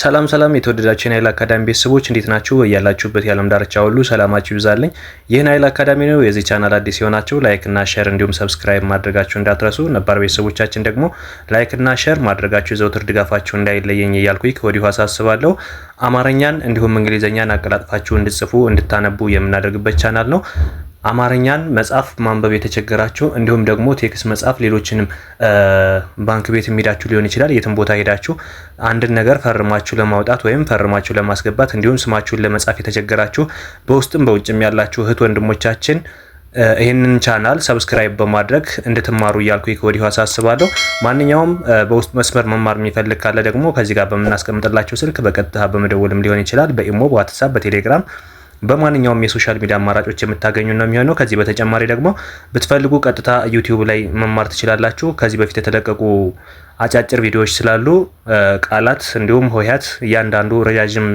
ሰላም ሰላም የተወደዳችሁ የናይል አካዳሚ ቤተሰቦች እንዴት ናችሁ? እያላችሁበት የዓለም ዳርቻ ሁሉ ሰላማችሁ ይብዛልኝ። ይህ ናይል አካዳሚ ነው። የዚህ ቻናል አዲስ የሆናችሁ ላይክ እና ሼር እንዲሁም ሰብስክራይብ ማድረጋችሁ እንዳትረሱ፣ ነባር ቤተሰቦቻችን ደግሞ ላይክ እና ሼር ማድረጋችሁ ዘውትር ድጋፋችሁ እንዳይለየኝ እያልኩኝ ከወዲሁ አሳስባለሁ። አማርኛን እንዲሁም እንግሊዝኛን አቀላጥፋችሁ እንድጽፉ እንድታነቡ የምናደርግበት ቻናል ነው። አማርኛን መጽሐፍ ማንበብ የተቸገራችሁ እንዲሁም ደግሞ ቴክስት መጽሐፍ ሌሎችንም ባንክ ቤት የሚሄዳችሁ ሊሆን ይችላል። የትም ቦታ ሄዳችሁ አንድን ነገር ፈርማችሁ ለማውጣት ወይም ፈርማችሁ ለማስገባት እንዲሁም ስማችሁን ለመጻፍ የተቸገራችሁ በውስጥም በውጭም ያላችሁ እህት ወንድሞቻችን ይህንን ቻናል ሰብስክራይብ በማድረግ እንድትማሩ እያልኩ ከወዲሁ አሳስባለሁ። ማንኛውም በውስጥ መስመር መማር የሚፈልግ ካለ ደግሞ ከዚህ ጋር በምናስቀምጥላቸው ስልክ በቀጥታ በመደወልም ሊሆን ይችላል። በኢሞ፣ በዋትሳፕ፣ በቴሌግራም በማንኛውም የሶሻል ሚዲያ አማራጮች የምታገኙ ነው የሚሆነው። ከዚህ በተጨማሪ ደግሞ ብትፈልጉ ቀጥታ ዩቲዩብ ላይ መማር ትችላላችሁ። ከዚህ በፊት የተለቀቁ አጫጭር ቪዲዮዎች ስላሉ ቃላት፣ እንዲሁም ሆሄያት እያንዳንዱ ረዣዥም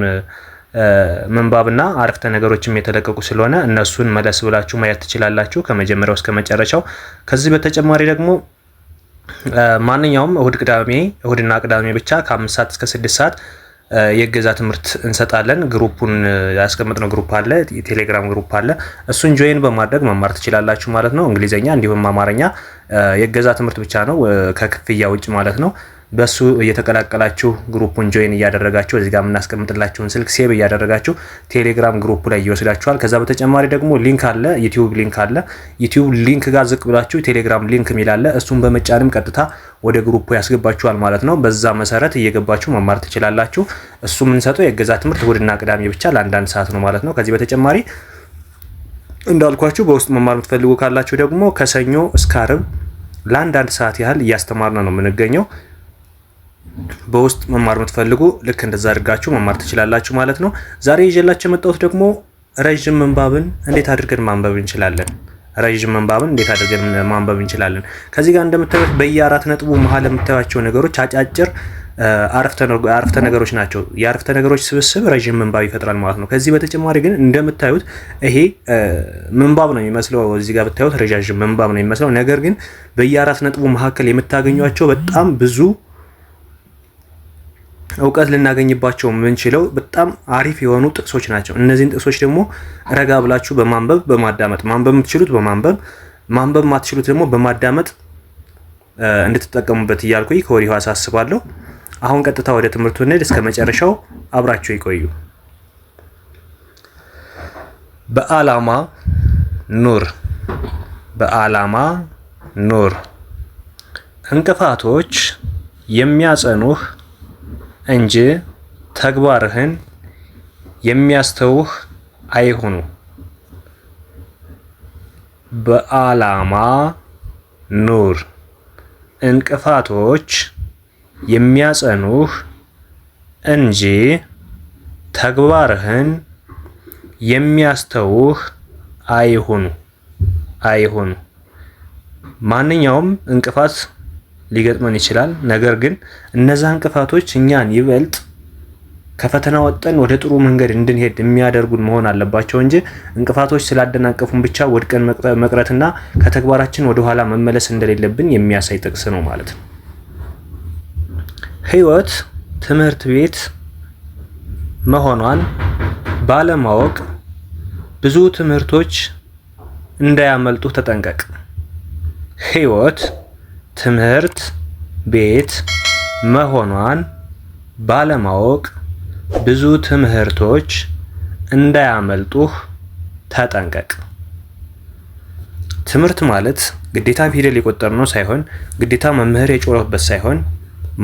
ምንባብና አረፍተ ነገሮችም የተለቀቁ ስለሆነ እነሱን መለስ ብላችሁ ማየት ትችላላችሁ ከመጀመሪያው እስከ መጨረሻው። ከዚህ በተጨማሪ ደግሞ ማንኛውም እሁድ ቅዳሜ እሁድና ቅዳሜ ብቻ ከአምስት ሰዓት እስከ ስድስት ሰዓት የገዛ ትምህርት እንሰጣለን። ግሩፑን ያስቀመጥነው ግሩፕ አለ፣ የቴሌግራም ግሩፕ አለ። እሱን ጆይን በማድረግ መማር ትችላላችሁ ማለት ነው። እንግሊዝኛ እንዲሁም አማርኛ የገዛ ትምህርት ብቻ ነው ከክፍያ ውጭ ማለት ነው። በሱ እየተቀላቀላችሁ ግሩፑን ጆይን እያደረጋችሁ እዚጋ የምናስቀምጥላችሁን ስልክ ሴብ እያደረጋችሁ ቴሌግራም ግሩፑ ላይ ይወስዳችኋል። ከዛ በተጨማሪ ደግሞ ሊንክ አለ፣ ዩቲዩብ ሊንክ አለ። ዩቲዩብ ሊንክ ጋር ዝቅ ብላችሁ ቴሌግራም ሊንክ የሚል አለ። እሱን በመጫንም ቀጥታ ወደ ግሩፑ ያስገባችኋል ማለት ነው። በዛ መሰረት እየገባችሁ መማር ትችላላችሁ። እሱ የምንሰጠው የእገዛ ትምህርት እሁድና ቅዳሜ ብቻ ለአንዳንድ ሰዓት ነው ማለት ነው። ከዚህ በተጨማሪ እንዳልኳችሁ በውስጥ መማር የምትፈልጉ ካላችሁ ደግሞ ከሰኞ እስከ አርብ ለአንዳንድ ሰዓት ያህል እያስተማርነ ነው የምንገኘው። በውስጥ መማር የምትፈልጉ ልክ እንደዛ አድርጋችሁ መማር ትችላላችሁ ማለት ነው። ዛሬ ይዤላችሁ የመጣሁት ደግሞ ረዥም ምንባብን እንዴት አድርገን ማንበብ እንችላለን። ረዥም ምንባብን እንዴት አድርገን ማንበብ እንችላለን። ከዚህ ጋር እንደምታዩት በየአራት ነጥቡ መሀል የምታዩቸው ነገሮች አጫጭር አረፍተ ነገሮች ናቸው። የአረፍተ ነገሮች ስብስብ ረዥም ምንባብ ይፈጥራል ማለት ነው። ከዚህ በተጨማሪ ግን እንደምታዩት ይሄ ምንባብ ነው የሚመስለው፣ እዚህ ጋር ብታዩት ረዣዥም ምንባብ ነው የሚመስለው። ነገር ግን በየአራት ነጥቡ መካከል የምታገኟቸው በጣም ብዙ እውቀት ልናገኝባቸው የምንችለው በጣም አሪፍ የሆኑ ጥቅሶች ናቸው። እነዚህን ጥቅሶች ደግሞ ረጋ ብላችሁ በማንበብ በማዳመጥ ማንበብ የምትችሉት በማንበብ ማንበብ የማትችሉት ደግሞ በማዳመጥ እንድትጠቀሙበት እያልኩኝ ከወዲሁ አሳስባለሁ። አሁን ቀጥታ ወደ ትምህርቱ እንሂድ። እስከ መጨረሻው አብራችሁ ይቆዩ። በዓላማ ኑር፣ በዓላማ ኑር። እንቅፋቶች የሚያጸኑህ እንጂ ተግባርህን የሚያስተውህ አይሁኑ። በዓላማ ኑር። እንቅፋቶች የሚያጸኑህ እንጂ ተግባርህን የሚያስተውህ አይሁኑ አይሁኑ። ማንኛውም እንቅፋት ሊገጥመን ይችላል። ነገር ግን እነዛ እንቅፋቶች እኛን ይበልጥ ከፈተና ወጠን ወደ ጥሩ መንገድ እንድንሄድ የሚያደርጉን መሆን አለባቸው እንጂ እንቅፋቶች ስላደናቀፉን ብቻ ወድቀን መቅረትና ከተግባራችን ወደኋላ መመለስ እንደሌለብን የሚያሳይ ጥቅስ ነው ማለት ነው። ህይወት ትምህርት ቤት መሆኗን ባለማወቅ ብዙ ትምህርቶች እንዳያመልጡ ተጠንቀቅ። ህይወት ትምህርት ቤት መሆኗን ባለማወቅ ብዙ ትምህርቶች እንዳያመልጡህ ተጠንቀቅ። ትምህርት ማለት ግዴታ ፊደል የቆጠርነው ሳይሆን ግዴታ መምህር የጮረበት ሳይሆን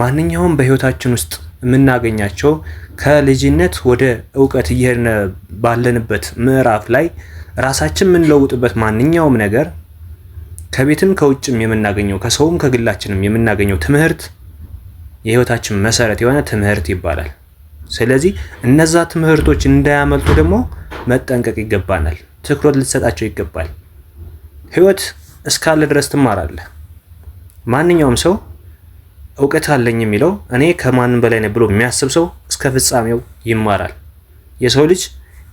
ማንኛውም በህይወታችን ውስጥ የምናገኛቸው ከልጅነት ወደ እውቀት እየሄድን ባለንበት ምዕራፍ ላይ ራሳችን የምንለውጥበት ማንኛውም ነገር ከቤትም ከውጭም የምናገኘው ከሰውም ከግላችንም የምናገኘው ትምህርት የህይወታችን መሰረት የሆነ ትምህርት ይባላል። ስለዚህ እነዛ ትምህርቶች እንዳያመልጡ ደግሞ መጠንቀቅ ይገባናል። ትኩረት ልትሰጣቸው ይገባል። ህይወት እስካለ ድረስ ትማራለህ። ማንኛውም ሰው እውቀት አለኝ የሚለው እኔ ከማንም በላይ ነው ብሎ የሚያስብ ሰው እስከ ፍጻሜው ይማራል። የሰው ልጅ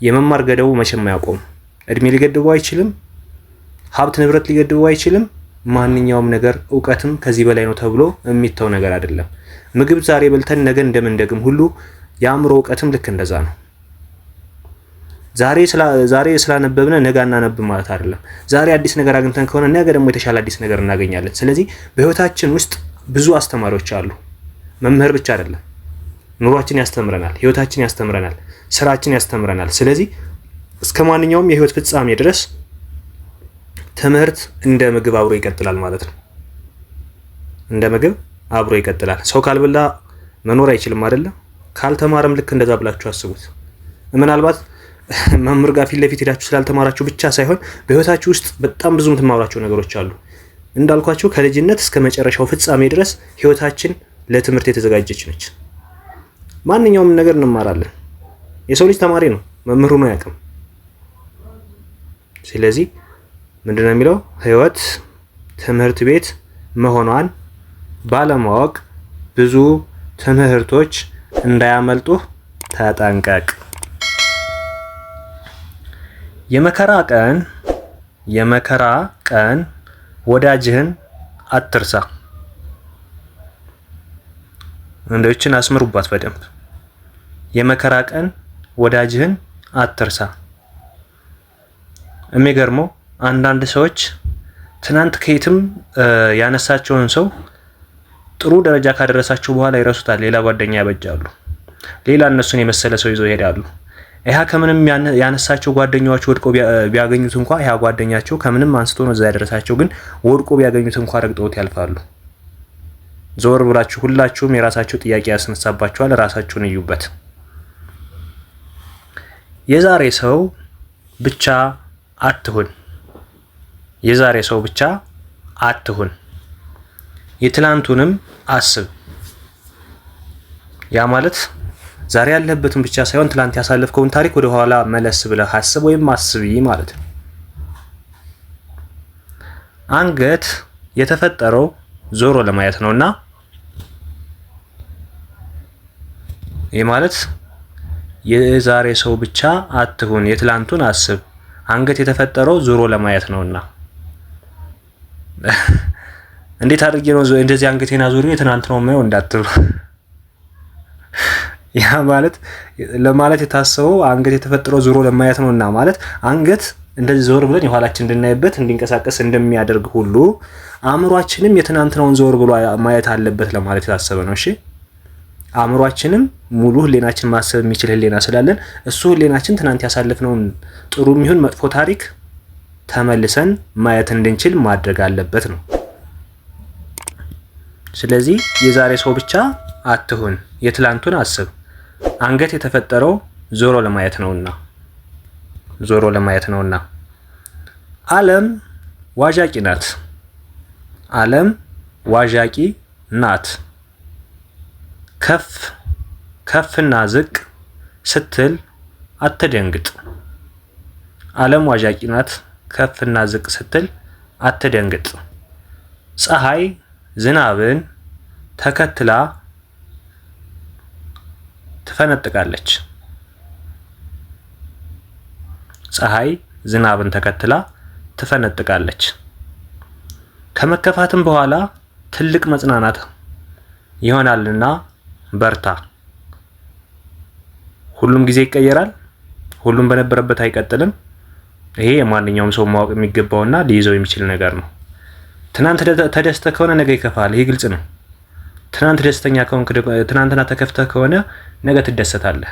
የመማር ገደቡ መቼም አያቆም። እድሜ ሊገድበው አይችልም። ሀብት ንብረት ሊገድበው አይችልም። ማንኛውም ነገር እውቀትም ከዚህ በላይ ነው ተብሎ የሚተው ነገር አይደለም። ምግብ ዛሬ በልተን ነገ እንደምንደግም ሁሉ የአእምሮ እውቀትም ልክ እንደዛ ነው። ዛሬ ስላነበብነ ነገ አናነብ ማለት አይደለም። ዛሬ አዲስ ነገር አግኝተን ከሆነ ነገ ደግሞ የተሻለ አዲስ ነገር እናገኛለን። ስለዚህ በህይወታችን ውስጥ ብዙ አስተማሪዎች አሉ። መምህር ብቻ አይደለም። ኑሯችን ያስተምረናል፣ ህይወታችን ያስተምረናል፣ ስራችን ያስተምረናል። ስለዚህ እስከ ማንኛውም የህይወት ፍጻሜ ድረስ ትምህርት እንደ ምግብ አብሮ ይቀጥላል ማለት ነው። እንደ ምግብ አብሮ ይቀጥላል። ሰው ካልበላ መኖር አይችልም አይደለም። ካልተማረም ልክ እንደዛ ብላችሁ አስቡት። ምናልባት መምህር ጋር ፊት ለፊት ሄዳችሁ ስላልተማራችሁ ብቻ ሳይሆን በህይወታችሁ ውስጥ በጣም ብዙ የምትማሯቸው ነገሮች አሉ። እንዳልኳችሁ ከልጅነት እስከ መጨረሻው ፍጻሜ ድረስ ህይወታችን ለትምህርት የተዘጋጀች ነች። ማንኛውም ነገር እንማራለን። የሰው ልጅ ተማሪ ነው፣ መምህሩን አያውቅም። ስለዚህ ምንድን ነው የሚለው ህይወት ትምህርት ቤት መሆኗን ባለማወቅ ብዙ ትምህርቶች እንዳያመልጡህ ተጠንቀቅ። የመከራ ቀን የመከራ ቀን ወዳጅህን አትርሳ። እንደዎችን አስምሩባት በደንብ የመከራ ቀን ወዳጅህን አትርሳ። የሚገርመው አንዳንድ ሰዎች ትናንት ከየትም ያነሳቸውን ሰው ጥሩ ደረጃ ካደረሳቸው በኋላ ይረሱታል። ሌላ ጓደኛ ያበጃሉ። ሌላ እነሱን የመሰለ ሰው ይዘው ይሄዳሉ። ይህ ከምንም ያነሳቸው ጓደኛዎች ወድቆ ቢያገኙት እንኳ ያ ጓደኛቸው ከምንም አንስቶ ነው እዛ ያደረሳቸው። ግን ወድቆ ቢያገኙት እንኳ ረግጠውት ያልፋሉ። ዞር ብላችሁ ሁላችሁም የራሳቸው ጥያቄ ያስነሳባችኋል። ራሳችሁን እዩበት። የዛሬ ሰው ብቻ አትሁን። የዛሬ ሰው ብቻ አትሁን፣ የትላንቱንም አስብ። ያ ማለት ዛሬ ያለህበትን ብቻ ሳይሆን ትላንት ያሳለፍከውን ታሪክ ወደ ኋላ መለስ ብለህ አስብ ወይም አስቢ ማለት ነው። አንገት የተፈጠረው ዞሮ ለማየት ነውና ይህ ማለት የዛሬ ሰው ብቻ አትሁን፣ የትላንቱን አስብ። አንገት የተፈጠረው ዞሮ ለማየት ነውና እንዴት አድርጌ ነው እንደዚህ አንገቴና ዙሪዬ ትናንት ነው የማየው እንዳትሉ። ያ ማለት ለማለት የታሰበው አንገት የተፈጠረው ዞሮ ለማየት ነው እና ማለት አንገት እንደዚህ ዞር ብለን የኋላችን እንድናይበት እንዲንቀሳቀስ እንደሚያደርግ ሁሉ አእምሯችንም የትናንትናውን ዞር ብሎ ማየት አለበት ለማለት የታሰበ ነው። እሺ አእምሯችንም ሙሉ ህሌናችን ማሰብ የሚችል ህሌና ስላለን እሱ ህሌናችን ትናንት ያሳለፍነውን ጥሩ የሚሆን መጥፎ ታሪክ ተመልሰን ማየት እንድንችል ማድረግ አለበት ነው። ስለዚህ የዛሬ ሰው ብቻ አትሁን፣ የትላንቱን አስብ። አንገት የተፈጠረው ዞሮ ለማየት ነውና ዞሮ ለማየት ነውና። ዓለም ዋዣቂ ናት። ዓለም ዋዣቂ ናት። ከፍ ከፍና ዝቅ ስትል አትደንግጥ። ዓለም ዋዣቂ ናት። ከፍና ዝቅ ስትል አትደንግጥ። ፀሐይ ዝናብን ተከትላ ትፈነጥቃለች። ፀሐይ ዝናብን ተከትላ ትፈነጥቃለች። ከመከፋትም በኋላ ትልቅ መጽናናት ይሆናልና በርታ። ሁሉም ጊዜ ይቀየራል። ሁሉም በነበረበት አይቀጥልም። ይሄ የማንኛውም ሰው ማወቅ የሚገባውና ሊይዘው የሚችል ነገር ነው። ትናንት ተደስተ ከሆነ ነገ ይከፋል። ይሄ ግልጽ ነው። ትናንት ደስተኛ ከሆንክ ትናንትና ተከፍተ ከሆነ ነገ ትደሰታለህ።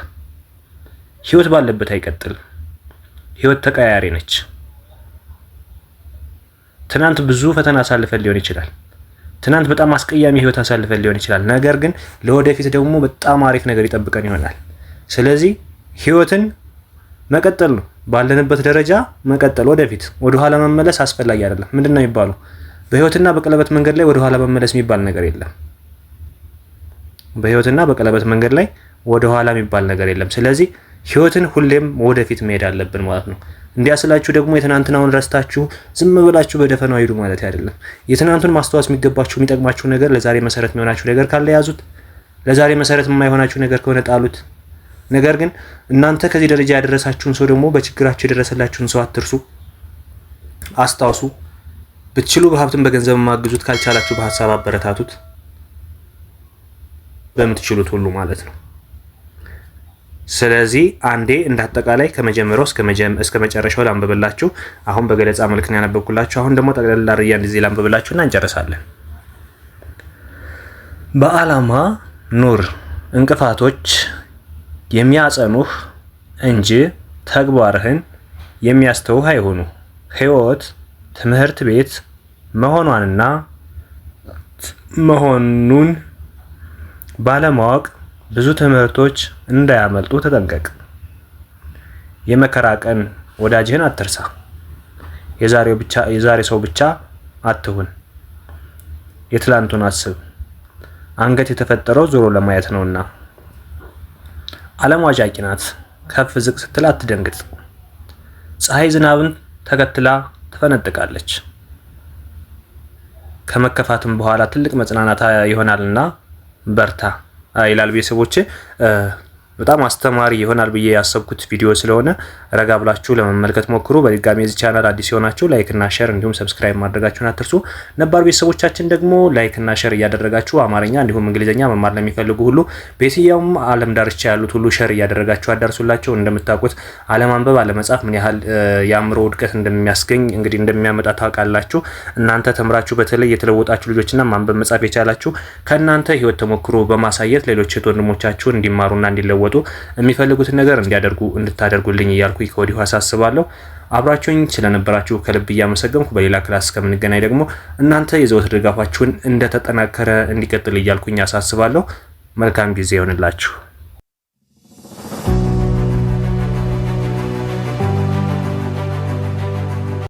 ህይወት ባለበት አይቀጥልም። ህይወት ተቀያሪ ነች። ትናንት ብዙ ፈተና አሳልፈን ሊሆን ይችላል። ትናንት በጣም አስቀያሚ ህይወት አሳልፈን ሊሆን ይችላል። ነገር ግን ለወደፊት ደግሞ በጣም አሪፍ ነገር ይጠብቀን ይሆናል። ስለዚህ ህይወትን መቀጠል ነው። ባለንበት ደረጃ መቀጠል፣ ወደፊት ወደኋላ መመለስ አስፈላጊ አይደለም። ምንድን ነው የሚባለው? በህይወትና በቀለበት መንገድ ላይ ወደኋላ መመለስ የሚባል ነገር የለም። በህይወትና በቀለበት መንገድ ላይ ወደኋላ የሚባል ነገር የለም። ስለዚህ ህይወትን ሁሌም ወደፊት መሄድ አለብን ማለት ነው። እንዲያ ስላችሁ ደግሞ የትናንትናውን ረስታችሁ ዝም ብላችሁ በደፈናው ሂዱ ማለት አይደለም። የትናንቱን ማስታወስ የሚገባችሁ የሚጠቅማችሁ ነገር፣ ለዛሬ መሰረት የሚሆናችሁ ነገር ካለ ያዙት። ለዛሬ መሰረት የማይሆናችሁ ነገር ከሆነ ጣሉት። ነገር ግን እናንተ ከዚህ ደረጃ ያደረሳችሁን ሰው ደግሞ በችግራችሁ የደረሰላችሁን ሰው አትርሱ፣ አስታውሱ። ብትችሉ በሀብትም በገንዘብ ማግዙት፣ ካልቻላችሁ በሀሳብ አበረታቱት፣ በምትችሉት ሁሉ ማለት ነው። ስለዚህ አንዴ እንደ አጠቃላይ ከመጀመሪያው እስከ መጨረሻው ላንብብላችሁ። አሁን በገለጻ መልክ ነው ያነበብኩላችሁ። አሁን ደግሞ ጠቅላላ ርያ ላንብብላችሁ እና እንጨርሳለን። በዓላማ ኑር። እንቅፋቶች የሚያጸኑህ እንጂ ተግባርህን የሚያስተውህ አይሆኑ ህይወት ትምህርት ቤት መሆኗንና መሆኑን ባለማወቅ ብዙ ትምህርቶች እንዳያመልጡ ተጠንቀቅ። የመከራ ቀን ወዳጅህን አትርሳ። የዛሬ ሰው ብቻ አትሁን። የትላንቱን አስብ፣ አንገት የተፈጠረው ዞሮ ለማየት ነውና። ዓለም ዋዣቂ ናት። ከፍ ዝቅ ስትል አትደንግጥ። ፀሐይ ዝናብን ተከትላ ትፈነጥቃለች። ከመከፋትም በኋላ ትልቅ መጽናናት ይሆናልና በርታ ይላል ቤተሰቦቼ። በጣም አስተማሪ ይሆናል ብዬ ያሰብኩት ቪዲዮ ስለሆነ ረጋ ብላችሁ ለመመልከት ሞክሩ። በድጋሚ የዚህ ቻናል አዲስ የሆናችሁ ላይክና ሸር እንዲሁም ሰብስክራይብ ማድረጋችሁን አትርሱ። ነባር ቤተሰቦቻችን ደግሞ ላይክና ሸር እያደረጋችሁ አማርኛ እንዲሁም እንግሊዝኛ መማር ለሚፈልጉ ሁሉ በየትኛውም ዓለም ዳርቻ ያሉት ሁሉ ሸር እያደረጋችሁ አዳርሱላቸው። እንደምታውቁት አለማንበብ አለመጻፍ ምን ያህል የአእምሮ ውድቀት እንደሚያስገኝ እንግዲህ እንደሚያመጣ ታውቃላችሁ። እናንተ ተምራችሁ በተለይ የተለወጣችሁ ልጆችና ማንበብ መጻፍ የቻላችሁ ከእናንተ ህይወት ተሞክሮ በማሳየት ሌሎች ወንድሞቻችሁን እንዲማሩና እንዲለወጡ እንዲጫወቱ የሚፈልጉትን ነገር እንዲያደርጉ እንድታደርጉልኝ እያልኩ ከወዲሁ አሳስባለሁ። አብራችሁኝ ስለነበራችሁ ከልብ እያመሰገንኩ በሌላ ክላስ እስከምንገናኝ ደግሞ እናንተ የዘወትር ድጋፋችሁን እንደተጠናከረ እንዲቀጥል እያልኩኝ አሳስባለሁ። መልካም ጊዜ ይሆንላችሁ።